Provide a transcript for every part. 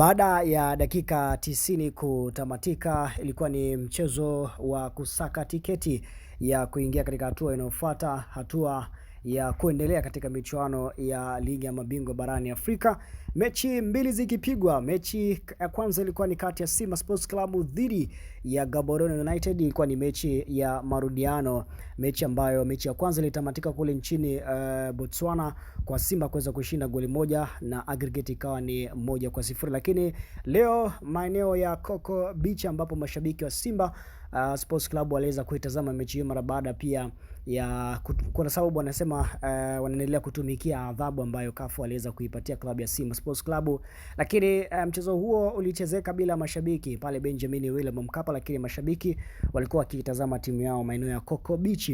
Baada ya dakika tisini kutamatika, ilikuwa ni mchezo wa kusaka tiketi ya kuingia katika hatua inayofuata hatua ya kuendelea katika michuano ya ligi ya mabingwa barani Afrika. Mechi mbili zikipigwa. Mechi ya kwanza ilikuwa ni kati ya Simba Sports Club dhidi ya Gaborone United, ilikuwa ni mechi ya marudiano, mechi ambayo mechi ya kwanza ilitamatika kule nchini uh, Botswana kwa Simba kuweza kushinda goli moja na aggregate ikawa ni moja kwa sifuri, lakini leo maeneo ya Coco Beach ambapo mashabiki wa Simba uh, Sports Club waliweza kuitazama mechi hiyo mara baada pia ya kwa sababu wanasema uh, wanaendelea kutumikia adhabu ambayo CAF waliweza kuipatia klabu ya Simba Sports Club, lakini uh, mchezo huo ulichezeka bila mashabiki pale Benjamin William Mkapa, lakini mashabiki walikuwa wakiitazama timu yao maeneo ya Coco Beach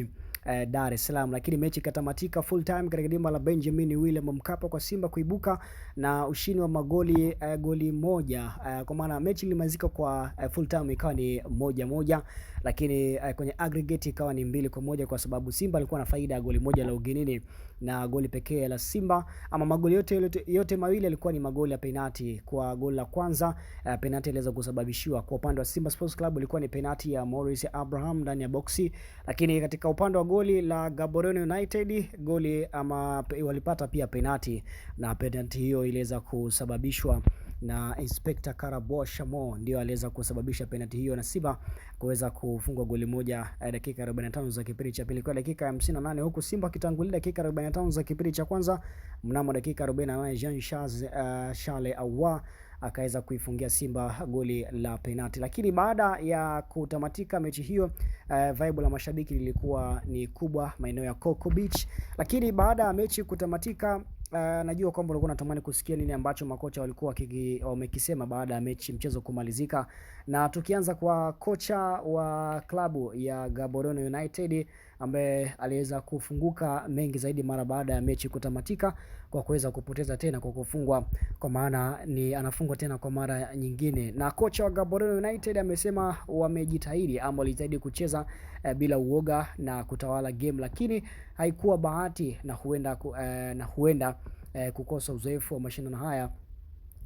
eh, Dar es Salaam, lakini mechi ikatamatika full time katika dimba la Benjamin William Mkapa kwa Simba kuibuka na ushindi wa magoli eh, goli moja eh, kwa maana mechi ilimalizika kwa eh, full time ikawa ni moja moja, lakini eh, kwenye aggregate ikawa ni mbili kwa moja kwa sababu Simba alikuwa na faida ya goli moja la ugenini na goli pekee la Simba ama magoli yote, yote mawili yalikuwa ni magoli ya penati. Kwa goli la kwanza uh, eh, penati iliweza kusababishiwa kwa upande wa Simba Sports Club, ilikuwa ni penati ya Morris Abraham ndani ya boksi, lakini katika upande wa goli la Gaborone United goli ama walipata pia penati na penati hiyo iliweza kusababishwa na Inspekta Karabo Shamo ndio aliweza kusababisha penalti hiyo na Simba kuweza kufungwa goli moja eh, dakika 45 za kipindi cha pili kwa dakika 58, huku Simba akitangulia dakika 45 za kipindi cha kwanza. Mnamo dakika 48 Jean Charles uh, Charles Awa akaweza kuifungia Simba goli la penalti, lakini baada ya kutamatika mechi hiyo uh, eh, vibe la mashabiki lilikuwa ni kubwa maeneo ya Coco Beach, lakini baada ya mechi kutamatika Uh, najua kwamba ulikuwa unatamani kusikia nini ambacho makocha walikuwa wamekisema baada ya mechi mchezo kumalizika, na tukianza kwa kocha wa klabu ya Gaborone United ambaye aliweza kufunguka mengi zaidi mara baada ya mechi kutamatika kwa kuweza kupoteza tena kwa kufungwa, kwa maana ni anafungwa tena kwa mara nyingine. Na kocha wa Gaborone United amesema wamejitahidi ama walijitahidi kucheza eh, bila uoga na kutawala game, lakini haikuwa bahati na huenda, eh, na huenda eh, kukosa uzoefu wa mashindano haya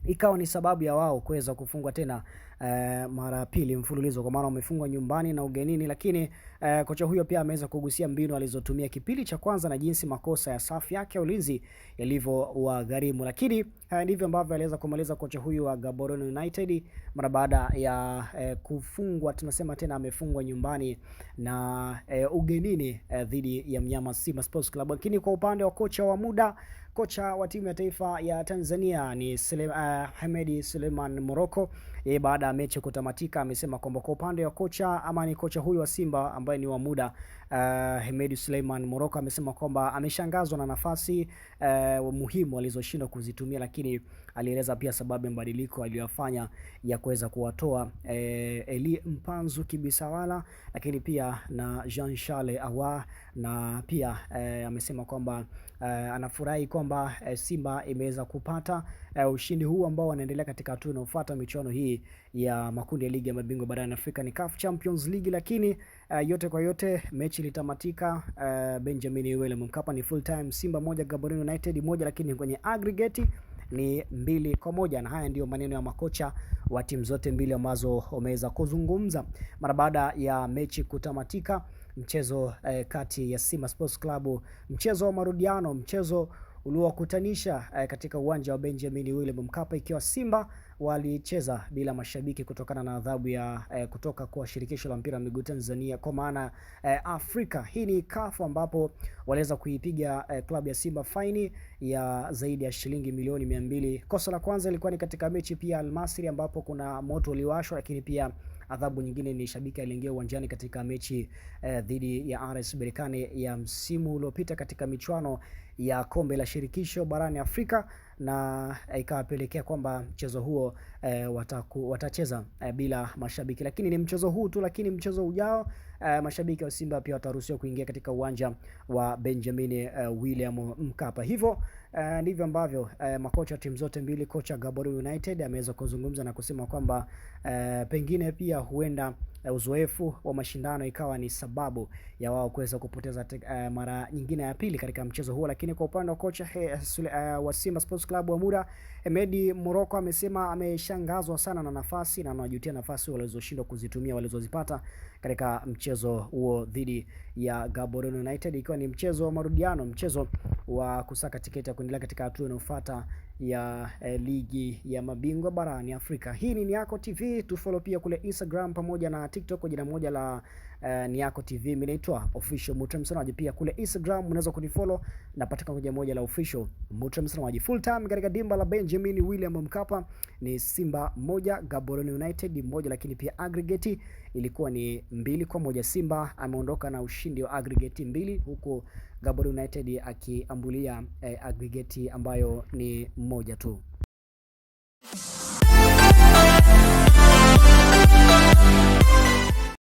ikawa ni sababu ya wao kuweza kufungwa tena eh, mara ya pili mfululizo, kwa maana wamefungwa nyumbani na ugenini. Lakini eh, kocha huyo pia ameweza kugusia mbinu alizotumia kipindi cha kwanza na jinsi makosa ya safu yake ya ulinzi yalivyowagharimu, lakini Eh, ndivyo ambavyo aliweza kumaliza kocha huyu wa Gaborone United mara baada ya e, kufungwa, tunasema tena amefungwa nyumbani na e, ugenini eh, dhidi ya mnyama Simba Sports Club. Lakini kwa upande wa kocha wa muda kocha wa timu ya taifa ya Tanzania ni Sule, uh, Hamedi Suleiman Morocco yeye baada ya mechi kutamatika amesema kwamba kwa upande wa kocha ama ni kocha huyu wa Simba ambaye ni wa muda uh, Hemedi Suleiman Moroko amesema kwamba ameshangazwa na nafasi uh, muhimu alizoshindwa kuzitumia, lakini Alieleza pia sababu ya mabadiliko aliyofanya ya kuweza kuwatoa e, eh, Eli Mpanzu Kibisawala, lakini pia na Jean Charles Awa, na pia e, amesema kwamba e, anafurahi kwamba e, Simba imeweza kupata e, ushindi huu ambao wanaendelea katika hatua inayofuata michuano hii ya makundi ya ligi ya mabingwa barani Afrika ni CAF Champions League, lakini e, yote kwa yote mechi ilitamatika e, Benjamin William Mkapa ni full time Simba moja Gaborone United moja, lakini kwenye aggregate ni mbili kwa moja, na haya ndiyo maneno ya makocha wa timu zote mbili ambazo wameweza kuzungumza mara baada ya mechi kutamatika, mchezo eh, kati ya Simba Sports Club, mchezo wa marudiano, mchezo uliowakutanisha eh, katika uwanja wa Benjamin William Mkapa, ikiwa Simba walicheza bila mashabiki kutokana na adhabu ya eh, kutoka kwa shirikisho la mpira wa miguu Tanzania kwa maana eh, Afrika. Hii ni kafu ambapo waliweza kuipiga klabu ya Simba faini ya zaidi ya shilingi milioni mia mbili. Kosa la kwanza ilikuwa ni katika mechi pia Almasri ambapo kuna moto uliwashwa, lakini pia Adhabu nyingine ni shabiki aliingia uwanjani katika mechi eh, dhidi ya RS Berkane ya msimu uliopita katika michuano ya kombe la shirikisho barani Afrika na eh, ikawapelekea kwamba mchezo huo e, wataku, watacheza e, bila mashabiki, lakini ni mchezo huu tu. Lakini mchezo ujao e, mashabiki wa Simba pia wataruhusiwa kuingia katika uwanja wa Benjamin e, William Mkapa hivyo Uh, ndivyo ambavyo uh, makocha timu zote mbili, kocha Gaborone United ameweza kuzungumza na kusema kwamba uh, pengine pia huenda uzoefu wa mashindano ikawa ni sababu ya wao kuweza kupoteza uh, mara nyingine ya pili katika mchezo huo. Lakini kwa upande wa kocha uh, wa Simba Sports Club Wamura, Medi Moroko amesema ameshangazwa sana na nafasi na anajutia nafasi walizoshindwa kuzitumia walizozipata katika mchezo huo dhidi ya Gaborone United, ikiwa ni mchezo wa marudiano, mchezo wa kusaka tiketi ya kuendelea katika hatua inayofuata ya eh, ligi ya mabingwa barani Afrika. Hii ni Niako TV, tufollow pia kule Instagram pamoja na TikTok kwa jina moja la eh, Niako TV. Mimi naitwa Official Mutra Msanaji. Pia kule Instagram unaweza kunifollow, napatikana kwa jina moja la Official Mutra Msanaji. Full time katika dimba la Benjamin William Mkapa ni Simba moja Gaborone United moja, lakini pia aggregate ilikuwa ni mbili kwa moja. Simba ameondoka na ushindi wa aggregate mbili, huku Gaborone United akiambulia eh, aggregate ambayo ni mmoja tu.